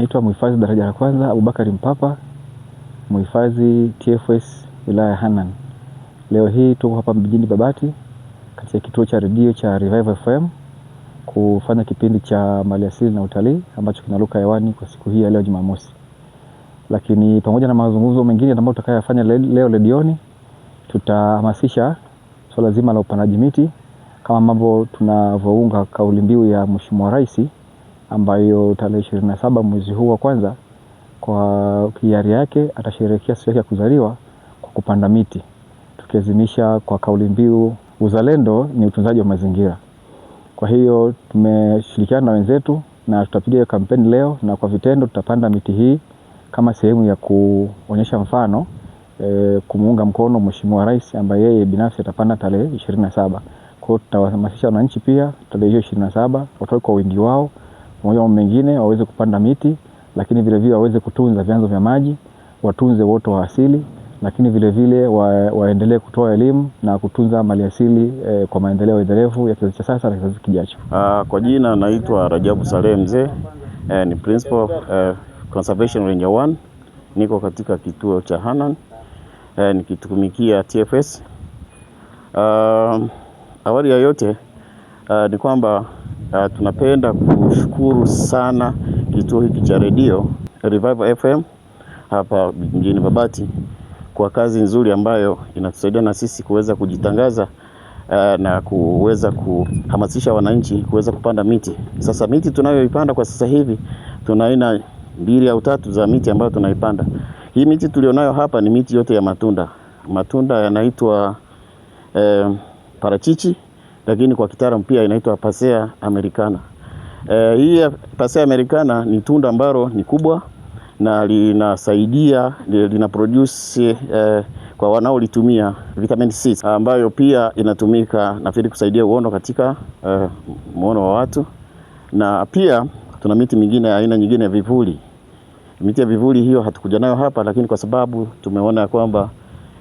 Naitwa mhifadhi daraja la kwanza Abubakar Mpapa, mhifadhi TFS wilaya ya Hanang. Leo hii tuko hapa mjini Babati katika kituo cha redio cha Revival FM kufanya kipindi cha maliasili na utalii ambacho kinaruka hewani kwa siku hii ya leo Jumamosi. Lakini pamoja na mazungumzo mengine ambayo tutakayofanya leo redioni, tutahamasisha swala so zima la upandaji miti kama mambo tunavyounga kauli mbiu ya Mheshimiwa Rais ambayo tarehe ishirini na saba mwezi huu wa kwanza kwa hiari yake atasherehekea siku ya kuzaliwa kwa kupanda miti, tukiazimisha kwa kauli mbiu uzalendo ni utunzaji wa mazingira. Kwa hiyo tumeshirikiana na wenzetu na tutapiga kampeni leo, na kwa vitendo tutapanda miti hii kama sehemu ya kuonyesha mfano e, kumuunga mkono Mheshimiwa Rais ambaye yeye binafsi atapanda tarehe ishirini na saba. Kwa hiyo tutawahamasisha wananchi pia tarehe hiyo ishirini na saba watoke kwa wingi wao pamoja mambo mengine, waweze kupanda miti, lakini vilevile waweze kutunza vyanzo vya maji, watunze uoto wa asili, lakini vilevile wa, waendelee kutoa elimu na kutunza maliasili e, eh, kwa maendeleo endelevu ya kizazi cha sasa na kizazi kijacho. Uh, kwa jina naitwa Rajabu Saleh Mzee, eh, ni principal eh, conservation ranger 1 niko katika kituo cha Hanang eh, nikitumikia TFS. Uh, ah, awali ya yote uh, ni kwamba Uh, tunapenda kushukuru sana kituo hiki cha redio Revival FM hapa mjini Babati kwa kazi nzuri ambayo inatusaidia na sisi kuweza kujitangaza uh, na kuweza kuhamasisha wananchi kuweza kupanda miti. Sasa miti tunayoipanda kwa sasa hivi tuna aina mbili au tatu za miti ambayo tunaipanda. Hii miti tulionayo hapa ni miti yote ya matunda. Matunda yanaitwa eh, parachichi lakini kwa kitaalamu pia inaitwa Pasea americana. E, hii Pasea americana ni tunda ambalo ni kubwa na linasaidia lina produce e, kwa wanaolitumia vitamin C ambayo pia inatumika nafikiri kusaidia uono katika e, eh, muono wa watu, na pia tuna miti mingine aina nyingine ya vivuli. Miti ya vivuli hiyo hatukuja nayo hapa, lakini kwa sababu tumeona kwamba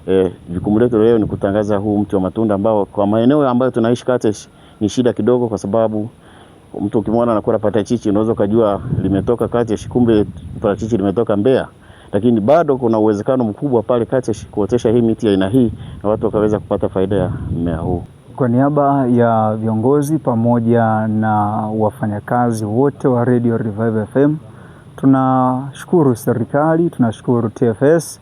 E, jukumu letu leo ni kutangaza huu mti wa matunda ambao kwa maeneo ambayo tunaishi Katesh ni shida kidogo, kwa sababu mtu ukimwona anakula parachichi unaweza ukajua limetoka Katesh, kumbe parachichi limetoka Mbeya. Lakini bado kuna uwezekano mkubwa pale Katesh kuotesha hii miti aina hii na watu wakaweza kupata faida ya mmea huu. Kwa niaba ya viongozi pamoja na wafanyakazi wote wa Radio Revive FM tunashukuru serikali, tunashukuru TFS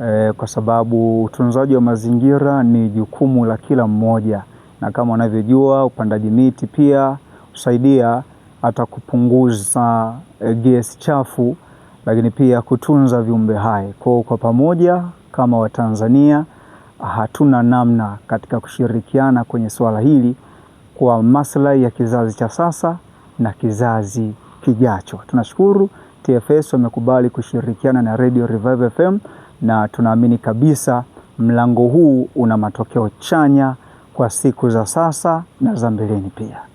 e, kwa sababu utunzaji wa mazingira ni jukumu la kila mmoja, na kama unavyojua upandaji miti pia husaidia hata kupunguza e, gesi chafu, lakini pia kutunza viumbe hai. Kwa kwa pamoja kama Watanzania hatuna namna katika kushirikiana kwenye suala hili kwa maslahi ya kizazi cha sasa na kizazi kijacho. Tunashukuru. TFS wamekubali kushirikiana na Radio Revive FM na tunaamini kabisa mlango huu una matokeo chanya kwa siku za sasa na za mbeleni pia.